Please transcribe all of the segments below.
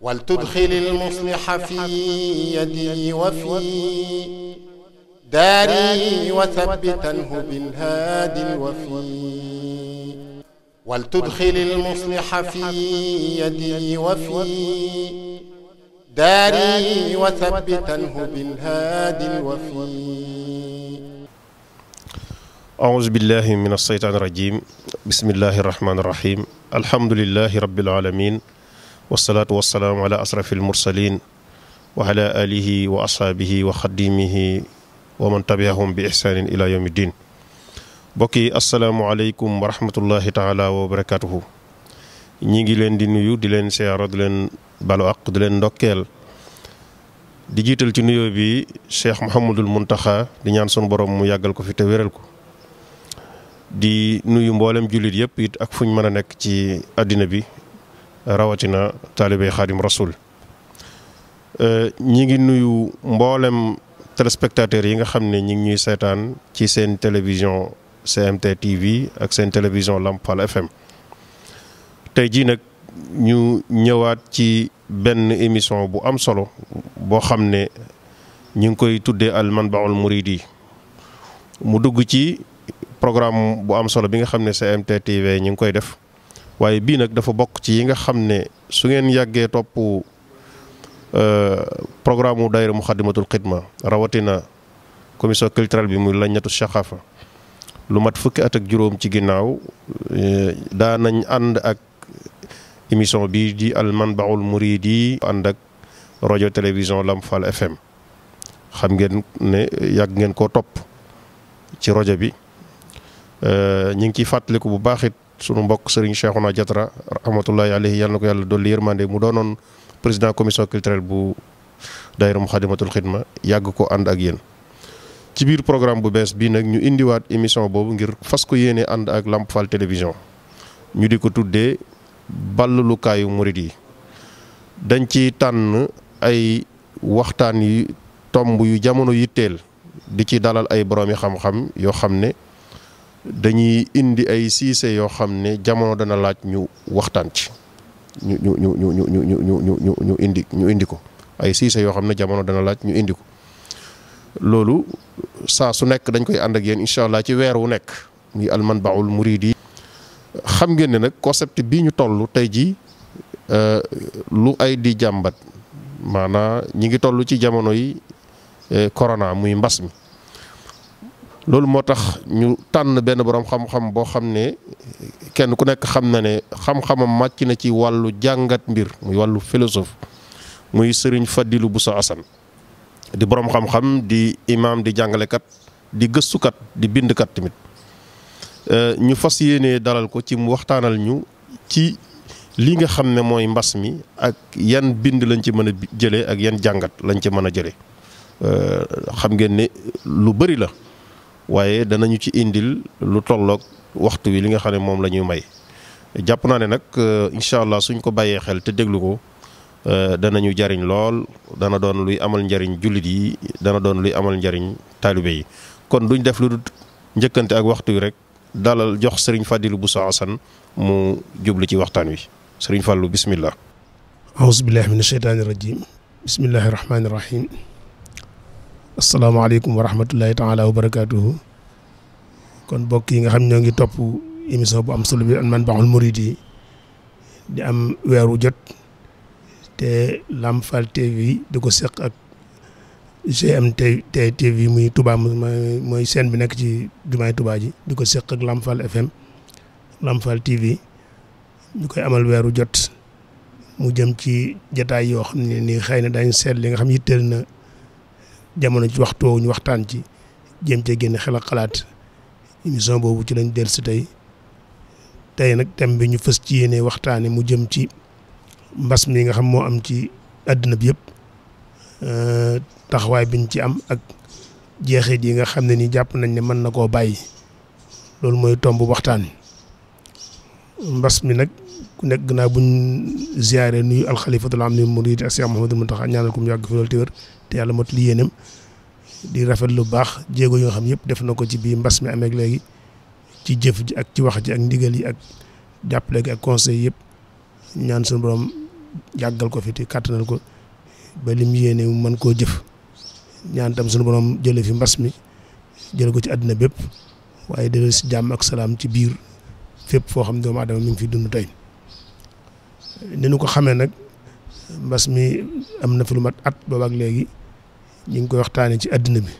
ولتدخل المصلح في يدي وفي داري وثبتنه بالهادي الوفي ولتدخل المصلح في يدي وفي داري وثبتنه بالهادي الوفي أعوذ بالله من الشيطان الرجيم بسم الله الرحمن الرحيم الحمد لله رب العالمين wasalaatu wasalaamu ala asrafi almursalin wa ala alihi wa ashaabihi wa xadimihi wa man tabiahum bi ihsaanin ila yawmi din mbokk yi asalaamualeykum wa rahmatullahi taala wa barakatuhu ñi ngi leen di nuyu di leen siyaaro di leen balu di leen ndokkeel di jiital ci nuyoo bi cheikh Mouhamadul Muntaxa di ñaan sunu borom mu yàggal ko fi te wéral ko di nuyu mboolem jullit yëpp it ak fu ñu mën a nekk ci àddina bi rawatina taalibey xaadim rasul ñi ngi nuyu mboolem téléspectateurs yi nga xam ne ñi ngi ñuy seetaan ci seen télévision CMT TV ak seen télévision Lampal FM tey jii nag ñu ñëwaat ci benn émission bu am solo boo xam ne ñu ngi koy tuddee al manbaul muridi mu dugg ci programme bu am solo bi nga xam ne CMT TV ñu ngi koy def waaye bii nag dafa bokk ci yi nga xam ne su ngeen yàggee topp euh, programme mu daayira Muxaddamatul Xidma rawatina commission culturelle bi muy laññatu saxaafa lu mat fukki at ak juróom ci ginnaaw euh, daanañ ànd ak émission bi di alman manbaul murid yi ànd ak rajo télévision Lamfal FM xam ngeen ne yàgg ngeen koo topp ci rajo bi euh, ñu ngi ciy fàttaliku bu baaxit sunu mbokk Serigne Cheikhouna Diatra rahmatullahi alayhi yàlla na ko yàlla dolli yërmande mu doonoon président commission culturelle bu daayira Muxaddamatul Xidma yàgg ko ànd ak yéen. ci biir programme bu bees bii nag ñu indiwaat émission boobu ngir fas ko yéene ànd ak Lamp Fall télévision ñu di ko tuddee ballukaayu murit yi dañ ci tànn ay waxtaan yi tomb yu jamono yitteel di ci dalal ay boroomi xam-xam yoo xam ne. dañuy indi ay siise yoo xam ne jamono dana laaj ñu waxtaan ci ñu ñu ñu ñu ñu ñu ñu indi ñu indi ko ay siise yoo xam ne jamono dana laaj ñu indi ko loolu saa su nekk dañ koy ànd ak yéen incha allah ci weer wu nekk muy almanbaul muridi xam ngeen ne nag concept bii ñu tollu tey jii euh, lu ay di jàmbat maanaa ñi ngi toll ci jamono yi euh, corona muy mbas mi. loolu moo tax ñu tànn benn borom xam-xam boo xam ne kenn ku nekk xam na ne xam-xamam màcc na ci wàllu jàngat mbir muy wàllu philosophe muy sëriñ Fadilou Bousso Assane di borom xam-xam di imam di jàngalekat di gëstukat di bindkat tamit euh, ñu fas yéene dalal ko ci mu waxtaanal ñu ci li nga xam ne mooy mbas mi ak yan bind lañ ci mën a ak yan jàngat lañ ci mën a jëlee euh, xam ngeen ne lu bari la. waaye danañu ci indil lu tolloog waxtu wi li nga xam ne moom la ñuy may jàpp naa ne nag euh, incha allah suñ ko bàyyee xel te déglu ko euh, danañu jariñ lool dana doon luy amal njariñ jullit yi dana doon luy amal njariñ taalibe yi kon duñ def lu dul njëkkante ak waxtu wi rek dalal jox sëriñ Fadilou Bousso Assane mu jublu ci waxtaan wi sëriñ Fallou bismillah. aouzu billahi mina shaytaani bismillahi rahmaani rahim. asalaamaaleykum wa rahmatullahi taala wa barakaatuhu kon mbokk yi nga xam ñoo ngi topp émission bu am solo bi Manbahul Mouridi di am weeru jot te Lamp Fall TV di ko seq ak GMT TV muy Touba mooy seen bi nekk ci jumaay Touba ji di ko seq ak Lamp Fall FM Lamp Fall TV ñu koy amal weeru jot mu jëm ci jataay yoo xam ne nii xëy na daañu seet li nga xam yitteel na. jamono ci waxtu ñu waxtaan ci jëm cee génn xel ak xalaat émission boobu ci lañ dellusi tey tey nag thème bi ñu fës ci yéene waxtaane mu jëm ci mbas mi nga xam moo am ci àddina bi yëpp taxawaay biñ ci am ak jeexit yi nga xam ne nii jàpp nañ ne mën na koo bàyyi loolu mooy tomb waxtaan mbas mi nag ku nekk naa buñ ziare nuyu alxalifatul am ni murid Cheikh Mouhamadou Mountakha ñaanal ko mu yàgg fi loolu te wér te yàlla mot di rafet lu baax jéego yoo xam yëpp def na ko ci biir mbas mi amee léegi ci jëf ji ak ci wax ji ak ndigal yi ak jàppale gi ak conseil yëpp ñaan suñu borom yàggal ko fi te kàttanal ko ba lim yéene mu mën koo jëf ñaan tam suñu borom jële fi mbas mi jële ko ci àddina bépp waaye dële si jàmm ak salaam ci biir fépp foo xam ne doomu aadama mi ngi fi dund tey ni nu ko xamee nag mbas mi am na fi lu mat at boobaak léegi ñu ngi koy waxtaanee ci àddina bi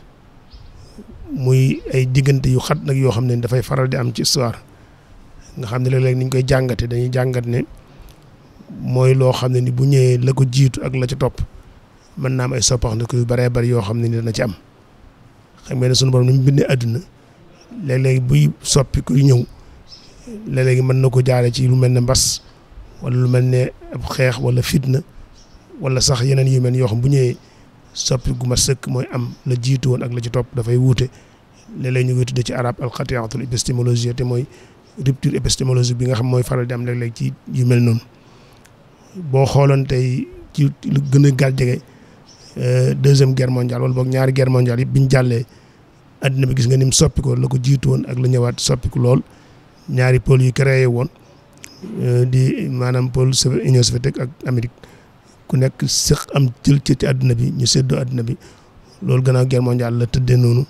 muy ay diggante yu xat nag yoo xam ne dafay faral di am ci histoire nga xam ne léeg-léeg ni ñu koy jàngate dañuy jàngat ne mooy loo xam ne ni bu ñëwee la ko jiitu ak la ci topp mën naa am ay soppaxndiku yu baree bari yoo xam ne ni dana ci am xam ngeen ne sunu borom ni mu bindee àdduna léeg-léeg buy soppi kuy ñëw léeg-léegi mën na ko jaare ci lu mel ne mbas wala lu mel ne ab xeex wala fitna walla sax yeneen yu mel yoo xam bu ñëwee. soppi gu ma sëkk mooy am la jiitu woon ak la ci topp dafay wuute léeg ñu ngi tuddee ci arab alxatiatul épistémologie te mooy rupture épistémologique bi nga xam mooy faral di am léeg-léeg ci yu mel noonu boo xooloon tey ci lu gën a gàll jege euh, deuxième guerre mondiale wala boog ñaari guerre mondiale yëpp bi ñu jàllee àddina bi gis nga ni mu soppi ko la ko jiitu woon ak la ñëwaat soppiku lool ñaari pôle yu créé woon euh, di maanaam pôle Union soviétique ak Amérique ku nekk sëq am jël ci àdduna bi ñu séddoo àdduna bi loolu a guerre mondiale la tëddee noonu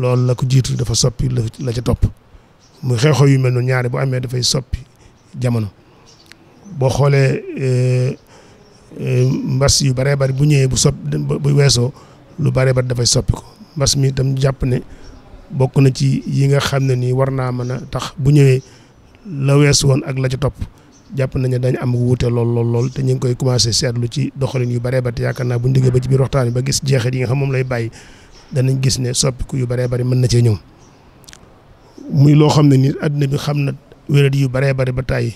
loolu la ko jiitu dafa soppi la ci topp muy xew-xew yu mel noonu ñaari boo amee dafay soppi jamono boo xoolee e, e, mbas yu baree bari bu ñëwee bu sopp bu weesoo lu baree bari dafay soppi ko mbas mi itam jàpp ne bokk na ci yi nga xam ne nii war naa mën a tax bu ñëwee la weesu woon ak la ca topp jàpp nañu dañ am wute lool lool lool te ñu ngi koy commencé seetlu ci doxalin yu baree bari te yaakaar naa bu ñu diggee ba ci biir waxtaan yi ba gis jeexit yi nga xam danañ gis ne soppiku yu baree bari mën na cee ñëw muy loo xam ne ni àddina bi xam na wéradi yu baree bari ba tàyyi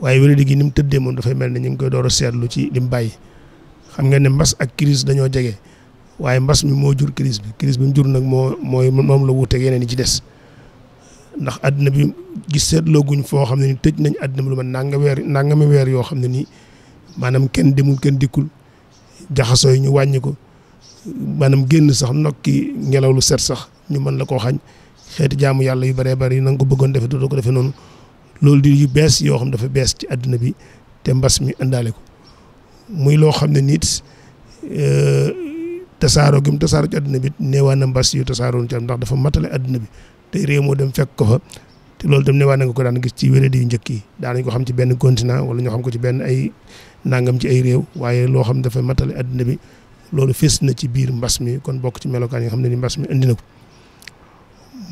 waaye wéradi gi ni mu tëddee moom dafay mel ne ñu ngi koy door a seetlu ci li mu bàyyi xam nga ne mbas ak crise dañoo jege waaye mbas mi moo jur crise bi crise bi mu jur nag moo mooy moom la wuuteeg yeneen yi ci des ndax àddina bi gis seetloo guñ foo xam ne ni tëj nañ àddina bi lu ma nanga weer nangami weer yoo xam ne nii maanaam kenn demul kenn dikkul jaxasoo yi ñu wàññi ko maanaam génn sax nokki ngelaw lu set sax ñu mën la koo xañ xeeti jaamu yàlla yu bëree bëri na nga ko bëggoon defe dootoo ko defee noonu loolu di bees yoo xam dafa bees ci àddina bi te mbas mi indaale ko muy loo xam ne nit euh, tasaaroo gi mu tasaaroo ci àddina bi neewaa na mbas yu tasaaroo ci am dafa matale àddina bi te réew moo dem fekk ko fa te loolu tam ne waa na nga ko daan gis ci wéradi yu njëkk yi daanañ ko xam ci benn continent wala ñoo xam ko ci benn ay nangam ci ay réew waaye loo xam dafa matale adduna bi loolu fés na ci biir mbas mi kon bokk ci melokaan xam ne ni mbas mi indi na ko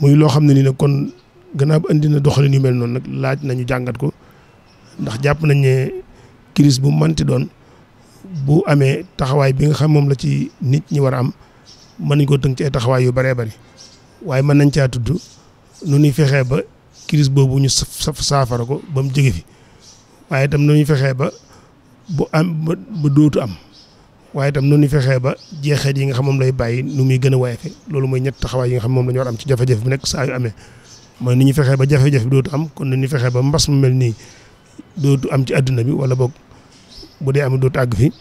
muy loo xam ne ni kon gannaaw indi na doxalin yu mel noonu nag laaj nañu jàngat ko ndax jàpp nañ ne crise bu manti doon bu amee taxawaay bi nga xam moom la ci nit ñi war a am mën nañ koo tënk ci ay taxawaay yu bëree bëri waaye mën nañ caa tudd nu ñuy fexee ba kiris boobu ñu saafara ko ba mu jege fi waaye itam nu ñuy fexee ba bu am ba dootu am waaye itam nu ñuy fexee ba jeexeet yi nga xam moom lay bàyyi nu muy gën a wayefe loolu mooy ñett taxawaay yi nga xam moom la ñu am ci jafe-jafe bi nekk saa yu amee mooy ni ñu fexee ba jafe-jafe bi dootu am kon ni ñu fexee ba mbas mu mel nii dootu am ci àdduna bi wala boog bu dee am dootu àgg fi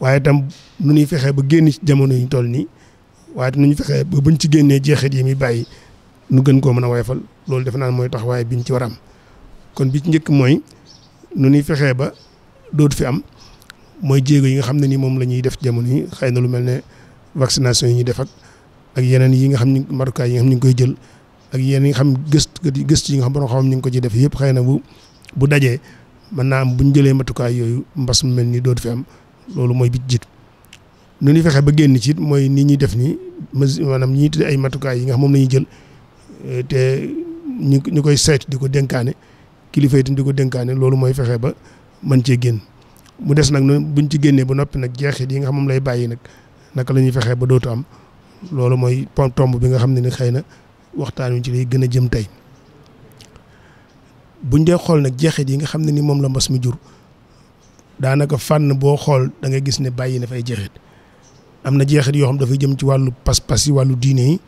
waaye itam nu ñuy fexee ba génn ci jamono yi ñu nii waaye dinañu fexe ba ci génnee jeexit yi muy bàyyi nu gën koo mën a woyofal loolu defe naa mooy waaye biñ ci war am kon bi njëkk mooy nu ñuy fexee ba dootu fi am mooy jéego yi nga xam ne nii moom la ñuy def jamono yi xëy na lu mel ne vaccination yi ñuy def ak ak yeneen yi nga xam ni matukaay yi nga xam ñu ngi koy jël ak yeneen yi nga xam gëstu gëstu yi nga xam borom xam ñu ngi ko ci def yëpp xay na bu bu dajee mën naa am bu ñu jëlee matukaay yooyu mbas mel ni dootu fi am loolu mooy bi jiitu nu ñuy fexe ba génn ci it mooy nii ñuy def nii maanaam ñi tuddee ay matukaay yi nga xam moom la ñuy euh, te ñu koy saytu ko dénkaane kilifa yi di ko dénkaane loolu mooy fexe ba mën cee génn mu des nag noonu buñ ci génnee ba noppi nag jeexit yi nga xam moom lay bàyyi nag naka la ñuy fexe ba dootu am loolu mooy tomb bi nga xam ne ni xëy na waxtaan wi ci lay gën a jëm tey buñ dee xool nag jeexit yi nga xam ne ni moom la mbas mi jur daanaka fànn boo xool da gis ne bàyyi na fay jeexit. am na jeexit yoo xam dafay jëm ci wàllu pas-pas yi wàllu diine yi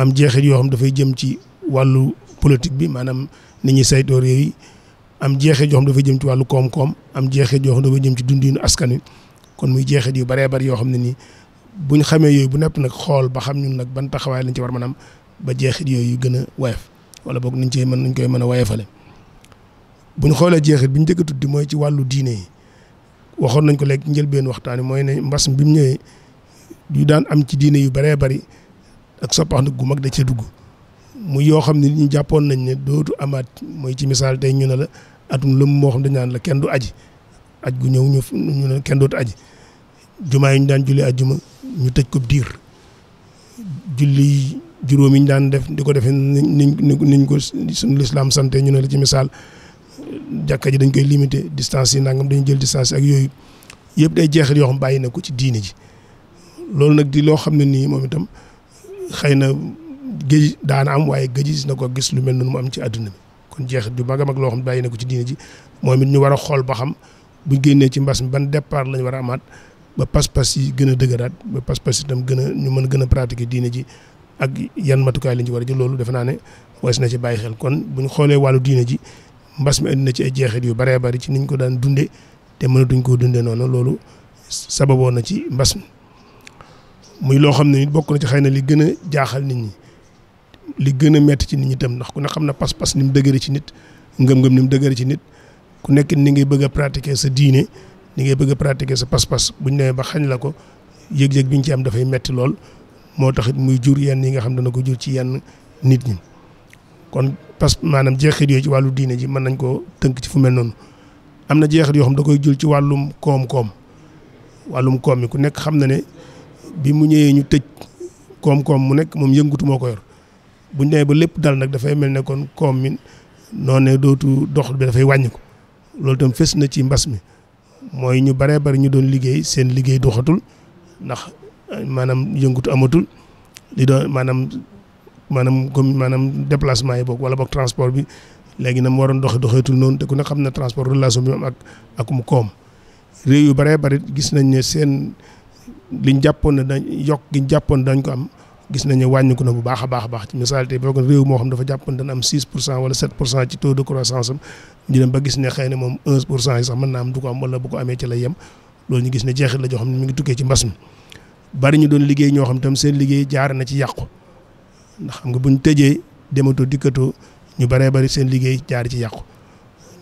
am jeexit yoo xam dafay jëm ci wàllu politique bi maanaam ni ñuy saytoo réew am jeexit yoo xam jëm ci wàllu koom am jeexit yoo xam jëm ci dundinu askan wi kon muy jeexit yu baree bari yoo xam ne nii buñ xamee yooyu bu nepp nag xool ba xam ñun nag ban taxawaay lañ ci war manam ba jeexit yooyu gën a woyof wala boog niñ cee mën nuñ koy mën a woyofale buñ xoolee jeexit biñ njëkk a tuddi mooy ci wàllu diine yi waxoon nañ ko léegi njëlbeen waxtaan wi mooy ne mbas bi mu ñëwee yu daan am ci diine yu bëree bëri ak soppax nag gu mag da ca dugg mu yoo xam ne ñu jàppoon nañ ne dootu amaat mooy ci misaal tey ñu ne la atum lëmm moo xam dañ naan la kenn du aji aj gu ñëw ñu kenn dootu aji jumaa yi ñu daan julli ajjuma ñu tëj ko diir julli juróom yi ñu daan def di ko defee niñ niñ ko suñu lislaam sante ñu ne la ci misaal jàkka ji dañ koy limité distance yi nangam dañu jël distance yi ak yooyu yëpp day jeexal yoo xam bàyyi na ko ci diine ji loolu nag di loo xam ne nii moom itam xëy na géej daana am waaye géej na ko gis lu mel noonu mu am ci àdduna bi kon jeexit yu mag a mag loo xam ne bàyyi na ko ci diine ji moom ñu war a ba xam buñ génnee ci mbas mi ban départ lañ war a amaat ba pas-pas yi gën a dëgëraat ba pas-pas itam gën a ñu mën gën a pratiquer diine ji ak yan matukaay lañ ci war a jël loolu defe naa ne wees na ci bàyyi xel kon bu ñu xoolee wàllu diine ji mbas mi indi na ci ay jeexeet yu baree bari ci niñ ko daan dundee te mënatuñ koo dundee noonu loolu sababoon na ci mbas mi muy loo xam ne nit bokk na ci xëy na li gën a jaaxal nit ñi li gën a metti ci nit ñi itam ndax ku ne xam na pas-pas ni mu dëgëri ci nit ngëm ni mu dëgëri ci nit ku nekk ni ngay bëgg a pratiquer sa diine ni bëgg pratiquer sa pas-pas bu ñu nee ba xañ la ko yëg bi ñu ci am dafay metti lool moo tax it muy jur yenn yi nga xam ne dana ko jur ci yenn nit ñi kon pas maanaam jeexit yooyu ci wàllu diine ji mën nañ koo tënk ci fu mel noonu am na jeexit yoo xam da koy jur ci wàllum koom-koom wàllum koom yi ku nekk xam na ne bi mu ñëwee ñu tëj koom-koom mu nekk moom yëngutu ko yor bu ñu ba lépp dal nag dafay mel ne kon koom mi noonu dootu dox bi dafay wàññi loolu tam fës na ci mbas mi mooy ñu baree bari ñu doon liggéey seen liggéey doxatul ndax maanaam yëngutu amatul li doon maanaam maanaam comme maanaam déplacement yi boog wala boog transport bi léegi na mu waroon doxe doxeetul noonu te ku ne xam na transport relation bi mu ak akum koom réew yu baree bari gis nañ ne seen liñ jàppoon ne dañ yokk giñ jàppoon dañ ko am gis nañu wàññiku na bu baax a baax a baax ci misaal tey boo ko réew moo xam dafa jàppoon dana am 6 pour cent wala 7 pour cent ci taux de croissance am ñu dem ba gis ne xëy na moom 11 pour cent yi sax mën naa am du ko am wala bu ko amee ci la yem loolu ñu gis ne jeexit la joo xam ngi tukkee ci mbas mi bari ñu doon liggéey ñoo xam tam seen liggéey jaar na ci yàqu ndax xam nga buñ tëjee dematoo dikkatoo ñu baree bari seen liggéey jaar ci yàqu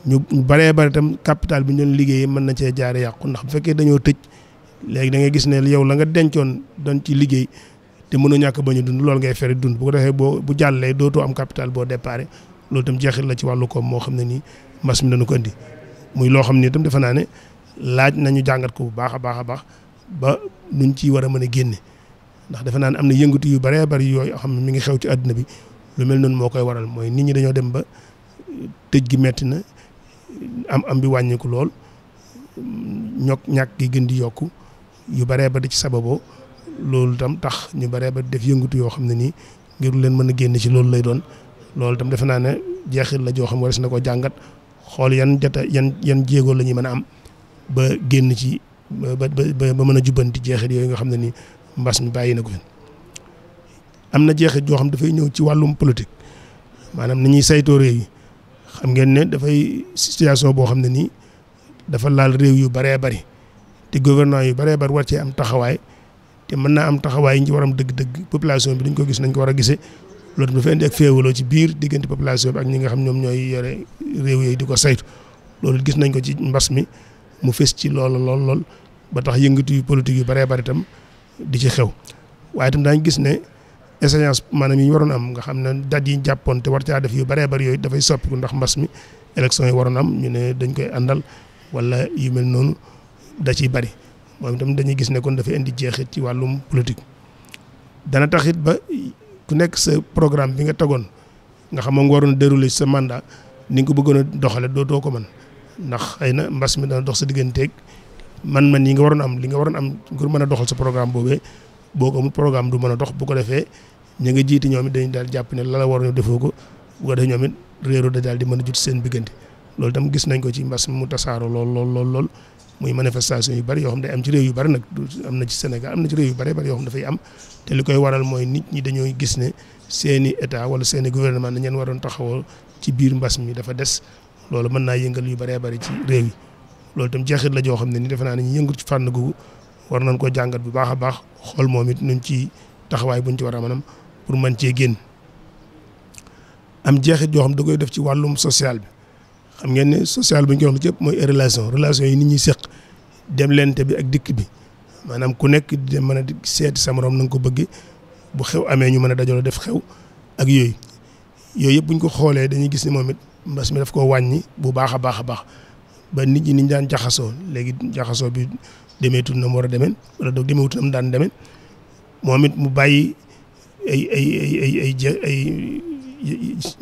ñu baree bari tam capital bi ñu doon liggéeyee mën na cee jaare yàqu ndax bu fekkee dañoo tëj léegi da ngay gis ne yow la nga dencoon doon ci liggéey te mënoo ñàkk bañ ñu dund loolu ngay fere dund bu ko defee boo bu jàllee dootoo am capital boo déparé loolu itam jeexit la ci wàllu koom moo xam ne nii mbas mi ko indi muy loo xam ne itam defe naa ne laaj nañu jàngat ko bu baax a baax a baax ba nuñ ci war a mën a génne ndax defe naa ne am na yëngatu yu bëree bëri yooyu xam ne mu ngi xew ci àdduna bi lu mel noonu moo koy waral mooy nit ñi dañoo dem ba tëj gi metti na am am bi wàññeeku lool ñok ñàkk gi gën di yokku yu baree ba di ci sababoo loolu tam tax ñu baree ba def yëngatu yoo xam ne nii ngir leen mën a génn ci loolu lay doon loolu tam defe naa ne jeexit la joo xam war na ko jàngat xool yan jota yan yan jéego la ñuy mën a am ba génn ci ba mën a jubbanti jeexit yooyu nga xam ne nii mbas mi bàyyi na ko am na jeexit joo xam dafay ñëw ci wàllum politique maanaam ni ñuy saytoo réew yi xam ngeen ne dafay situation boo xam ne nii dafa laal réew yu baree bari te gouvernement yu bëree bari war cee am taxawaay te mën naa am taxawaay yi ñu waram dëgg-dëgg population bi duñ ko gis nañ ko war a gisee loolu dafa indi ak féewaloo ko ci mbas mi mu fës ci lool lool lool ba tax yëngatu yu politique yu bëree bari itam di ci xew waaye itam daañ gis ne échéance maanaam yi ñu waroon am nga xam ne date yi jàppoon te war caa def yu bëree bëri yooyu dafay soppiku ndax mbas mi élection yi waroon am ñu ne dañ koy àndal wala yu mel noonu da ciy bari moom itam dañuy gis ne kon dafay indi jeexit ci wàllum politique dana taxit ba ku nekk sa programme bi nga tegoon nga xam nga waroon a dérouler sa mandat ni nga ko bëggoon a doxale dootoo ko mën ndax xëy na mbas mi dana dox sa digganteeg man man yi nga waroon am li nga waroon am ngir mën a doxal sa programme boobee boo ko amul programme du mën a dox bu ko defee ñu nga jiiti ñoom it dañu daal jàpp ne la la waroon defoo ko bu ko defee ñoom it réeru da daal di mën a jut seen diggante loolu itam gis nañ ko ci mbas mi mu tasaaroo lool lool lool lool muy manifestation yu bari yoo xam ne am ci réew yu bari nag am na ci Sénégal am na ci réew yu bari bari yoo xam dafay am te li koy waral mooy nit ñi dañoo gis ne seeni état wala seeni gouvernement na ñeen waroon taxawoo ci biir mbas mi dafa des loolu mën naa yëngal yu bëree bëri ci réew yi loolu tam jeexit la joo xam ne ni defe naa ne ñu yëngu ci fànn googu war nañ ko jàngat bu baax a baax xool moom it nuñ ci taxawaay buñ ci war a manam pour man cee génn am jeexit yoo xam da koy def ci wàllum social bi xam ngeen ne social bu ñu ko wax yëpp mooy relation relation yi nit ñi seq dem lente bi ak dikk bi maanaam ku nekk di mën a seeti seet morom na nga ko bëgg bu xew amee ñu mën a dajaloo def xew ak yooyu yooyu yëpp bu ñu ko xoolee dañuy gis ni moom it mbas mi daf koo wàññi bu baax a baax a baax ba nit ñi niñ daan jaxasoo léegi jaxasoo bi demee demeetul na mu war a demeen wala doog demeetul na mu daan demeen moom it mu bàyyi ay ay ay ay ay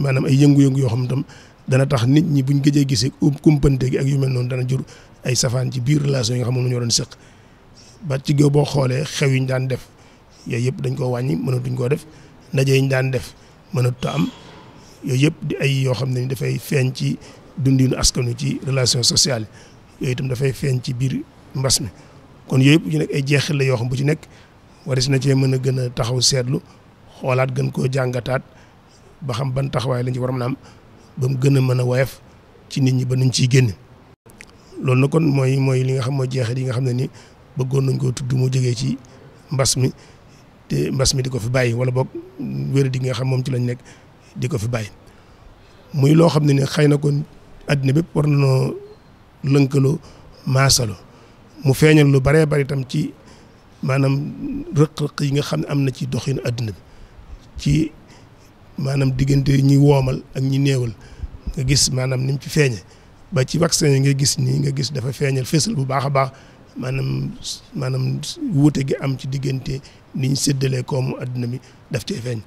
maanaam ay yëngu-yëngu yoo xam tam dana tax nit ñi buñ gëjee gisee um-, kumpante gi ak yu mel noonu dana jur ay safaan ci biir relation yi nga xam moom la ñu doon sëq ba ci géew boo xoolee xew yi ñu daan def yooyu yëpp dañ koo wàññi mënatuñ koo def ndaje yi daan def mënatut am yooyu yëpp di ay yoo xam ne dafay feeñ ci dundinu askanu ci relation sociale yooyu itam dafay feeñ ci biir mbas mi kon yooyu yëpp ñu nekk ay jeexit la yoo xam bu ci nekk waris na cee mën a gën a taxaw seetlu xoolaat gën koo jàngataat ba xam ban taxawaay lañ ci war a am ba mu gën a mën a woyof ci nit ñi ba nuñ ciy génn loolu na kon mooy mooy li nga xam mooy jeexit yi nga xam ne ni bëggoon nañ koo tudd mu jógee ci mbas te mbas mi di ko fi bàyyi wala boog wér nga xam moom ci lañ nekk di ko fi bàyyi muy loo xam ne ni xëy na kon àddina bépp war nañoo lënkaloo maasalo mu feeñal lu baree bari tam ci maanaam rëq-rëq yi nga xam ne am na ci doxin àddina bi ci maanaam diggante ñi woomal ak ñi néewal nga gis maanaam ni mu ci feeñe ba ci vaccin yi nga gis nii nga gis dafa feeñal fésal bu baax a baax maanaam maanaam wuute gi am ci diggante ni ñu séddalee koomu adduna bi daf cee feeñ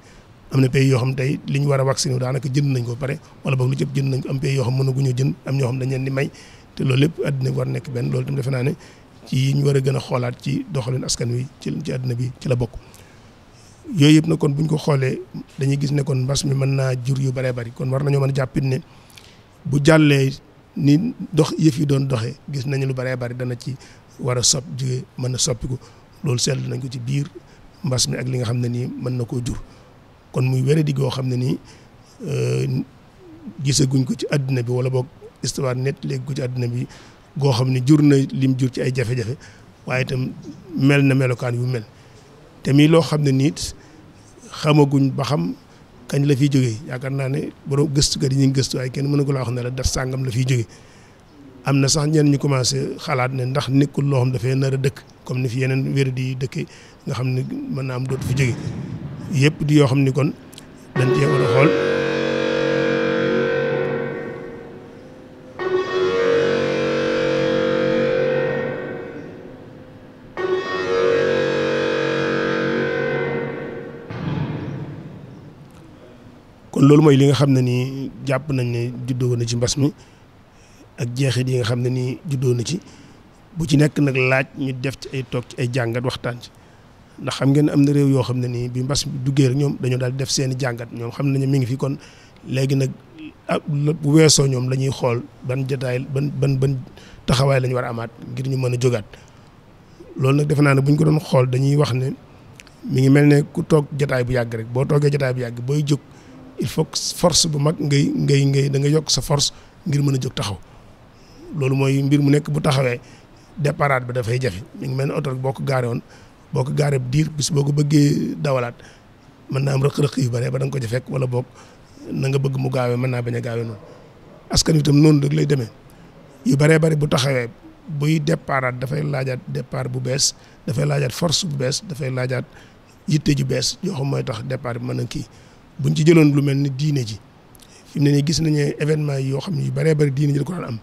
am na pays yoo xam tey li ñu war a vacciné wu daanaka jënd nañ ko pare wala boog lu jëpp jënd nañ ko am pays yoo xam mënaguñoo jënd am ñoo xam dañ leen di may te loolu lépp adduna war nekk benn loolu tam defe naa ne ci ñu war a gën a xoolaat ci doxalin askan wi ci ci adduna bi ci la bokk yooyu yëpp na kon bu ñu ko xoolee dañuy gis ne kon mbas mi mën naa jur yu bëree bëri kon war nañoo mën a jàppit ne bu jàllee ni dox yëf yi doon doxee gis nañu lu bëree bëri dana ci war a sopp jóge na soppi ko loolu seetlu nañ ko ci biir mbas mi ak li nga xam ne nii mën na koo jur kon muy wéradi goo xam ne nii euh, gisaguñ ko ci àdduna bi wala boog histoire net léegi ko ci àdduna bi goo xam ne jur na lim jur ci ay jafe-jafe waaye itam mel na melokaan yu mel te mii loo xam ne nit xamaguñ ba xam kañ la fiy jógee yaakaar naa ne borom gëstu yi ñu gëstu ay kenn mënu ko laa wax ne la def sàngam la fiy jóge am na sax ñenn ñu commencé xalaat ne ndax nekkul loo xam dafay nar a dëkk comme ni fi yeneen wér di dëkke nga xam ne mën naa am dootu fi jóge yëpp di yoo xam ni kon dañ cee a xool kon loolu mooy li nga xam ne nii jàpp nañ ne juddoo na ci mbas mi ak jeexit yi nga xam ne nii juddoo na ci bu ci nekk nag laaj ñu def ci ay toog ci ay jàngat waxtaan ci ndax xam ngeen am na réew yoo xam ne nii bi mbas bi duggee rek ñoom dañoo daal def seeni i jàngat ñoom xam nañu mi ngi fi kon léegi nag bu weesoo ñoom lañuy xool ban jataay ban ban ban taxawaay lañu war a amaat ngir ñu mën a jógaat loolu nag defe naa ne bu ñu ko doon xool dañuy wax ne mu ngi mel ne ku toog jataay bu yàgg rek boo toogee jotaay bu yàgg booy jóg il faut que force bu mag ngay ngay ngay da nga yokk sa force ngir mën a jóg taxaw loolu mooy mbir mu nekk bu taxawee départ bi dafay jafe mi ngi mel ne oto boo ko gaaree woon boo ko gaaree diir bis boo ko bëggee dawalaat mën naa am rëq-rëq yu bare ba da nga ko ci fekk wala boog na nga bëgg mu gaawee mën naa bañ a gaawee noonu askan wi itam noonu rek lay demee yu baree bari bu taxawee buy départ dafay laajaat départ bu bees dafay laajaat force bu bees dafay laajaat yitte ju bees yoo xam mooy tax départ bi mën a kii. buñ ci jëloon lu mel ni diine ji fi ne nii gis nañu événement yoo xam ne yu bëree bëri diine ji da am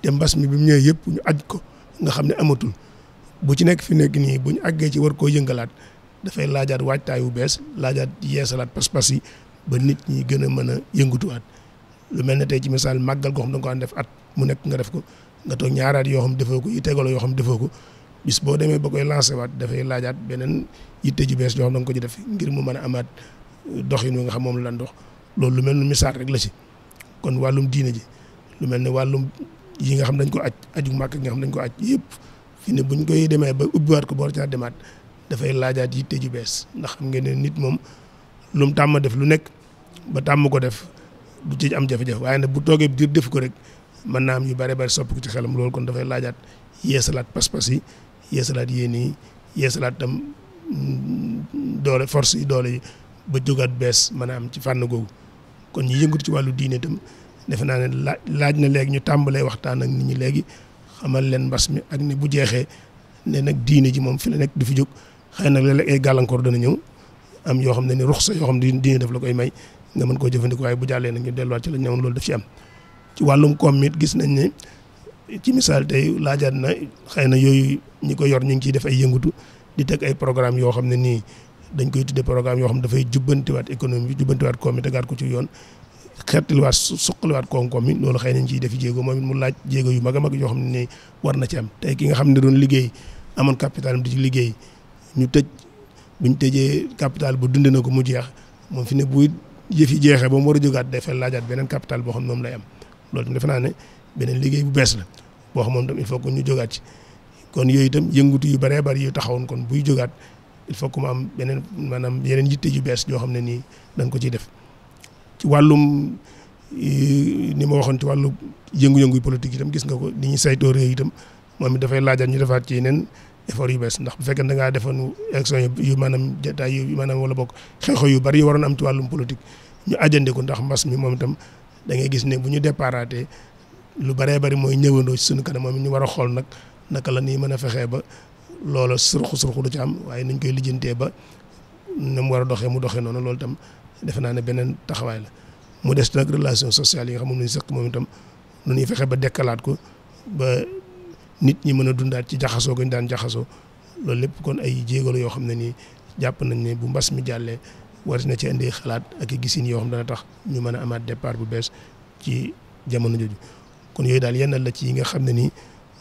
te mbas mi bi mu ñëwee yëpp ñu aj ko nga xam ne amatul bu ci nekk fi nekk nii buñ àggee ci war koo yëngalaat dafay laajaat waajtaay wu bees laajaat yeesalaat pas-pas yi ba nit ñi gën a mën a yëngatuwaat lu mel ne tey ci misaal màggal goo xam da nga def at mu nekk nga def ko nga toog ñaaraat yoo xam defoo ko yi tegaloo yoo xam defoo ko bis boo demee ba koy lancé waat dafay laajaat beneen yitte ju bees yoo xam da nga ko ci def ngir mu mën a amaat doxin nga xam moom la daan dox loolu lu mel ni misaal rek la si kon wàllum diine ji lu mel ni wàllum yi nga xam dañ ko aj aju màkk nga xam dañ ko aj yëpp fi ne buñ koy demee ba ubbiwaat ko boor caa demaat dafay laajaat yitte ju bees ndax xam ngeen nit moom lu mu tàmm def lu nekk ba tàmm ko def bu ci am jafe-jafe waaye nag bu toogee diir def ko rek mën naa am yu bare bare soppiku ci xelam loolu kon dafay laajaat yeesalaat pas-pas yi yeesalaat yéen yi yeesalaat tam mm, doole force yi yi ba jógaat bees mën a am ci fànn googu kon ñi yëngatu ci wàllu diine itam defe naa ne laaj laaj na léegi ñu tàmbalee waxtaan ak nit ñi léegi xamal leen mbas mi ak ni bu jeexee ne nag diine ji moom fi la nekk du fi jóg xëy nag léeg-léeg ay gàllankoor dana ñëw am yoo xam ne ni ruxsa yoo xam ne diine daf la koy may nga mën koo jëfandikoo waaye bu jàllee nag ñu delluwaat ci la ñëwoon loolu daf ci am ci wàllum koom miit gis nañ ne ci misaal tey laajaat na xëy na yooyu ñi ko yor ñu ngi ciy def ay yëngutu di teg ay programme yoo xam ne nii dañ koy tuddee programme yoo xam ne dafay jubbantiwaat économie bi jubbantiwaat koom mi tegaat ko ci yoon xettaliwaat suqaliwaat koom-koom mi loolu xëy nañ ciy def jéego moom it mu laaj jéego yu mag a mag yoo xam ne war na ci am tey ki nga xam ne doon liggéey amoon capital di ci liggéey ñu tëj buñ tëjee capital bu dundee na ko mu jeex moom fi ne buy yëf yi jeexee ba mu war a jógaat laajaat beneen capital boo xam ne moom lay am loolu defe naa ne beneen liggéey bu bees la boo xam moom itam il faut que ñu jógaat ci kon yooyu tam yëngutu yu bëree bëri yu taxawoon kon buy jógaat il faut que mu am beneen maanaam yeneen yitte yu bees joo xam ne nii dañ ko ciy def ci wàllum ni ma waxoon ci wàllu yëngu-yëngu politique itam gis nga ko ni ñuy saytoo réew itam moom it dafay laajaat ñu defaat ci yeneen effort yu bees ndax bu fekkee da ngaa defoon élection yu maanaam jataay yu maanaam wala bokk xeexoo yu bari yu waroon am ci wàllum politique ñu ajandi ndax mbas mi moom itam da ngay gis ne bu ñu départaatee lu baree bari mooy ñëwandoo ci suñu kanam moom ñu war a xool nag naka la nii mën a fexee ba loola surxu surxu du ci am waaye nañ koy lijjantee ba na mu war a doxee mu doxee noonu loolu itam defe naa ne beneen taxawaay la mu des nag relation sociale yi nga xam moom lañu sëq moom itam nu ñuy fexe ba dekkalaat ko ba nit ñi mën a dundaat ci jaxasoo gañ daan jaxasoo loolu lépp kon ay jéegalu yoo xam ne nii jàpp nañ ne bu mbas mi jàllee war na ci indi xalaat ak i gisin yoo xam dana tax ñu mën a amaat départ bu bees ci jamono jooju kon yooyu daal yenn la ci yi nga xam ne nii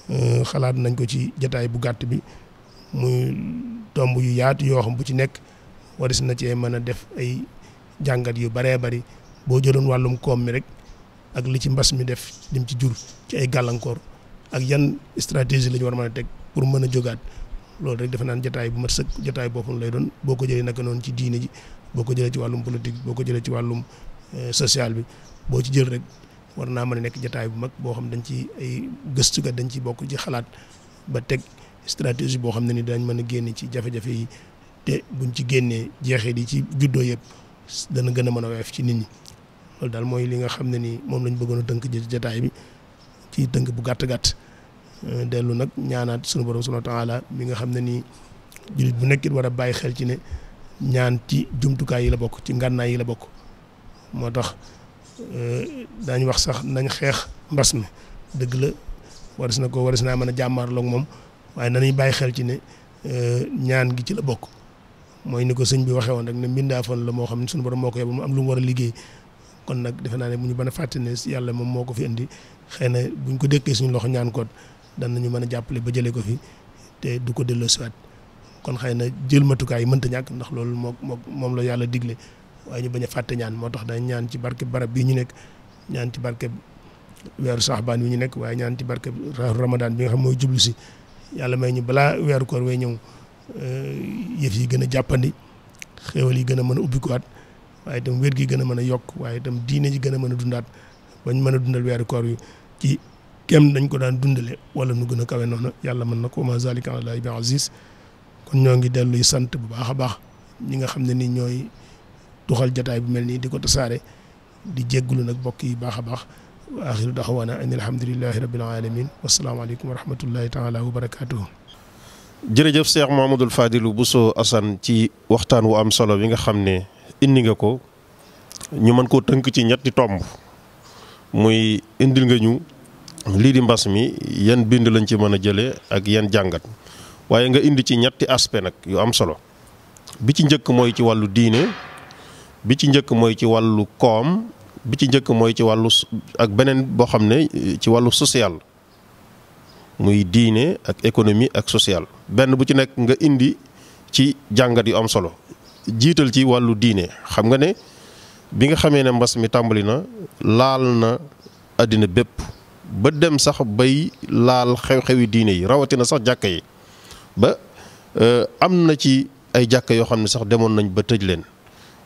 euh, xalaat nañ ko ci jataay bu gàtt bi muy tomb yu yaatu yoo xam bu ci nekk waris na cee mën a def ay jàngat yu baree bari boo jëloon wàllum koom mi rek ak li ci mbas mi def mu ci jur ci ay gàllankoor ak yan stratégie la war a mën a teg pour mën a jógaat loolu rek defe naan jotaay bu mat sëkk jotaay boppam lay doon boo ko jëlee naka noonu ci diine ji boo ko jëlee ci wàllum politique boo ko jëlee ci wàllum eh, social bi boo ci jël rek war naa mën a nekk jataay bu mag boo xam dañ ci ay gëstukat dañ ci bokk ci xalaat ba teg. stratégie boo xam ne ni dañ mën a génne ci jafe-jafe yi te buñ ci génnee jeexee di ci juddoo yëpp dana gën a mën a woyof ci nit ñi loolu daal mooy li nga xam ne nii moom lañ bëggoon a tënk jataay bi ci tënk bu gàtt gàtt euh, dellu nag ñaanaat sunu borom subhaanahu wa taala mi nga xam ne nii jullit bu nekkit war a bàyyi xel ci ne ñaan ci jumtukaay yi la bokk ci ngànnaay yi la bokk moo tax euh, daañ wax sax nañ xeex mbas mi dëgg la waris na ko waris naa mën a jàmmaarloog moom waaye nañuy bàyyi xel ci ne euh, ñaan gi ci la bokk mooy ni ko sëñ bi waxee woon rek ne mbindaafoon la moo xam ne suñu borom moo ko yebal mu am lu mu war a liggéey kon nag defe naa ne mu ñu mën a fàtte ne yàlla moom moo ko fi indi xëy na buñ ko dëkkee suñu loxo ñaan koot ñu mën a jàppale ba jëlee ko fi te du ko delloo siwaat kon xëy na jël matukaay yi mënta ñàkk ndax loolu moo moo moom la yàlla digle waaye ñu bañ fàtte ñaan moo tax dañ ñaan ci barke barab bii ñu nekk ñaan ci barke weeru saxbaan bi ñu nekk waaye ñaan ci barke ramadaan bi nga xam mooy jublu si yàlla may ñu balaa weeru koor way ñëw eh, yëf yi gën a jàppandi xéewal yi gën a mën a at waaye itam wér gi gën a mën a yokk waaye itam diine ci gën a mën a dundaat bañ mën a dundal weeru koor wi ci kem dañ ko daan dundale wala nu gën a kawe noonu yàlla mën na ko ma zalika alallaahi bi aziz kon ñoo ngi delluy sant bu baax a baax ñi nga xam ne nii ñooy tuxal jataay bu mel nii di ko tasaare di jégglu nag bokk yi baax a baax wa axiru daxwaana an alhamdulilahi rabbil alamin wasalaamaaleykum wa rahmatullahi taala wa barakaatuhu jërëjëf Cheikh Mouhamadoul Fadilou Bousso Assane ci waxtaan wu am solo bi nga xam ne indi nga ko ñu mën koo tënk ci ñetti tomb muy indil nga ñu lii di mbas mi yan bind lañ ci mën a jëlee ak yan jàngat waaye nga indi ci ñetti aspect nag yu am solo bi ci njëkk mooy ci wàllu diine bi ci njëkk mooy ci wàllu koom bi ci njëkk mooy ci wàllu ak beneen boo xam ne ci wàllu social muy diine ak économie ak social benn bu ci nekk nga indi ci jàngat yu am solo jiital ci wàllu diine xam nga ne bi nga xamee ne mbas mi tàmbali na laal na àddina bépp ba dem sax bay laal xew-xewi diine yi rawatina sax jàkka yi ba euh, am na ci ay jàkka yoo xam ne sax demoon nañ ba leen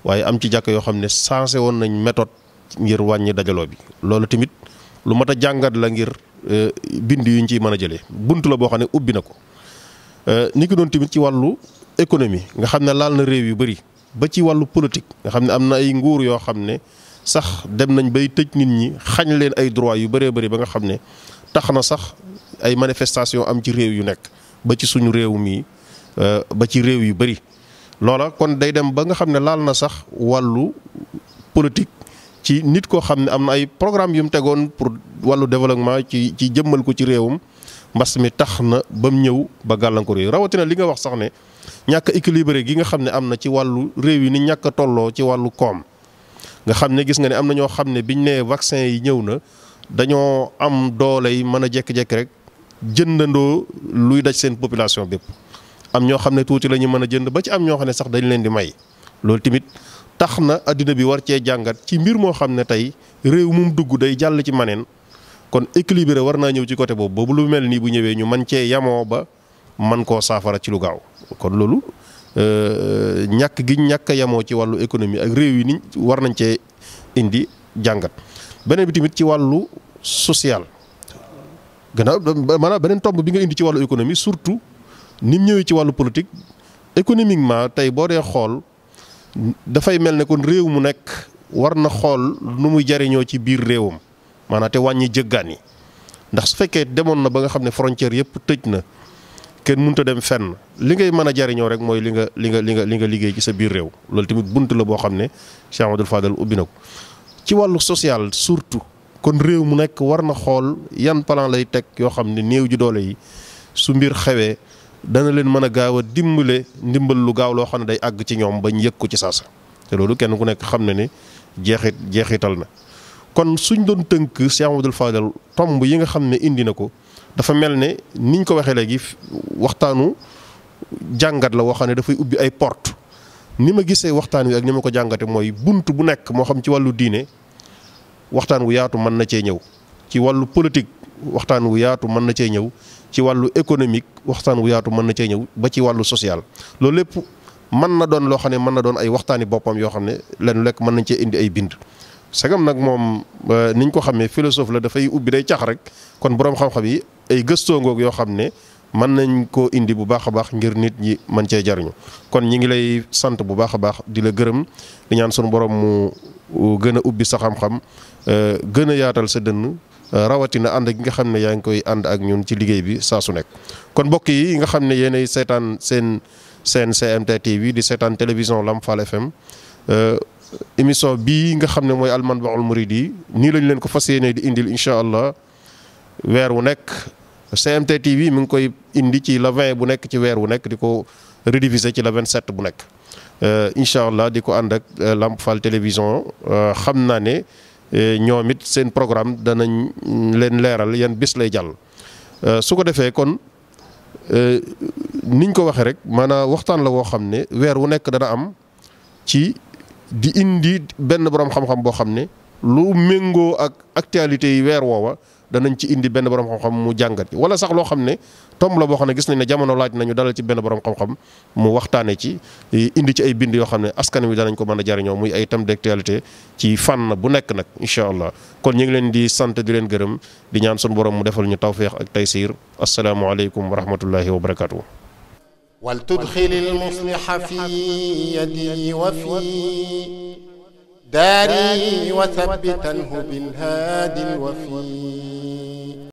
waaye am ci jàkka yoo xam ne sensé woon nañ méthode ngir wàññi dajaloo bi loolu tamit lu mat a jàngat la ngir euh, bind yu ñu ci mën a jëlee bunt la boo xam ne ubbi na ko euh, ni ki doon tamit ci wàllu économie nga xam ne laal na réew yu bari ba ci wàllu politique nga xam ne am na ay nguur yoo xam ne sax dem nañ bay tëj nit ñi xañ leen ay droit yu bëree bëri ba nga xam ne tax na sax ay manifestation am ci réew yu nekk ba ci suñu réew mii euh, ba ci réew yu bëri loola kon day dem ba nga xam ne laal na sax wàllu politique ci nit koo xam ne am na ay programme yu mu tegoon pour wàllu développement ci ci jëmmal ko ci réewam mbas mi tax na ba mu ñëw ba gàllankoor yi rawatina li nga wax sax ne ñàkk équilibré gi nga xam ne am na ci wàllu réew yi ni ñàkk a tolloo ci wàllu koom nga xam ne gis nga ne am na ñoo xam ne biñ nee vaccin yi ñëw na dañoo am doole yi mën a jékki-jékki rek jëndandoo luy daj seen population bépp am ñoo xam ne tuuti la ñu mën a jënd ba ci am ñoo xam ne sax dañ leen di may tax na àddina bi war cee jàngat ci mbir moo xam ne tey réew mu mu dugg day jàll ci maneen kon équilibré war naa ñëw ci côté boobu boobu lu mel nii bu ñëwee ñu man cee yamoo ba man koo saafara ci lu gaaw kon loolu euh, ñàkk gi ñàkk yamoo ci wàllu économie ak réew yi ni war nañ cee indi jàngat beneen bi tamit ci wàllu social gannaaw maanaam beneen tomb bi nga indi ci wàllu économie surtout ni ñëwee ci wàllu politique économiquement tey boo dee xool dafay mel ne kon réew mu nekk war na xool nu muy jariñoo ci biir réewam maanaate te wàññi jëggaan yi ndax su fekkee demoon na ba nga xam ne frontière yëpp tëj na kenn mënut a dem fenn li ngay mën a jariñoo rek mooy li nga li nga li nga li nga liggéey ci sa biir réew loolu tamit bunt la boo xam ne Cheikh Amadou Fadal ubbi na ko ci wàllu social surtout kon réew mu nekk war na xool yan palant lay teg yoo xam ne néew ji doole yi su mbir xewee dana leen mën a gaaw a dimbale ndimbal lu gaaw loo xam ne day àgg ci ñoom bañ yëg ko ci saasa te loolu kenn ku nekk xam na ni jeexit jeexital na. kon suñ doon tënk Cheikh Abdoul Fadal tomb yi nga xam ne indi na ko dafa mel ne niñ ko waxee léegi waxtaanu jàngat la woo xam ne dafay ubbi ay porte ni ma gisee waxtaan wi ak ni ma ko jàngate mooy bunt bu nekk moo xam ci wàllu diine waxtaan wu yaatu mën na cee ñëw ci wàllu politique. waxtaan wu yaatu mën na cee ñëw ci wàllu économique waxtaan wu yaatu mën na cee ñëw ba ci wàllu social loolu lépp mën na doon loo xam ne mën na doon ay waxtaani boppam yoo xam ne lenn lekk mën nañ cee indi ay bind sagam nag moom euh, niñ ko xamee philosophe la dafay ubbi day cax rek kon boroom xam-xam yi ay gëstoongoog yoo xam ne mën nañ koo indi bu baax a baax ngir nit ñi mën cee jariñu kon ñi ngi lay sant bu baax a baax di la gërëm di ñaan sunu borom mu euh, gën a ubbi sa xam-xam euh, gën a yaatal sa dënn rawatina ànd gi nga xam ne yaa ngi koy ànd ak ñun ci liggéey bi saa su nekk kon mbokk yi nga xam ne yéenay seetaan seen seen GMT TV di seetaan télévision Lamfal FM euh, émission bi nga xam ne mooy almanbaul muridi nii lañu leen ko fas yéene di indil incha allah weer wu nekk GMT TV mi ngi koy indi ci la 20 bu nekk ci weer wu nekk di ko rediffuser ci la 27 bu nekk euh, incha allah di ko ànd ak euh, Lamp Fall télévision xam naa ne. Eh, ñoom it seen programme danañ leen leeral yan bis lay jàll. Eh, su ko defee kon eh, niñ ko waxee rek maanaam waxtaan la woo xam ne weer wu nekk dana am ci di indi benn borom xam-xam boo xam ne lu méngoo ak actualité yi weer woowa. danañ ci indi benn borom xam-xam mu jàngat wala sax loo xam ne tomb la boo xam ne gis nañ ne jamono laaj nañu dalal ci benn borom xam-xam mu waxtaane ci indi ci ay bind yoo xam ne askan wi danañ ko mën a jariñoo muy ay thèmes d'actualité ci fànn bu nekk nag incha allah kon ñu ngi leen di sant di leen gërëm di ñaan suñu borom mu defal ñu tawfiq ak taysir asalaamualeykum wa rahmatullahi wa barakatuh wal tudxilil musliha fi yadi wa fi داري وثبته بالهادي الوفي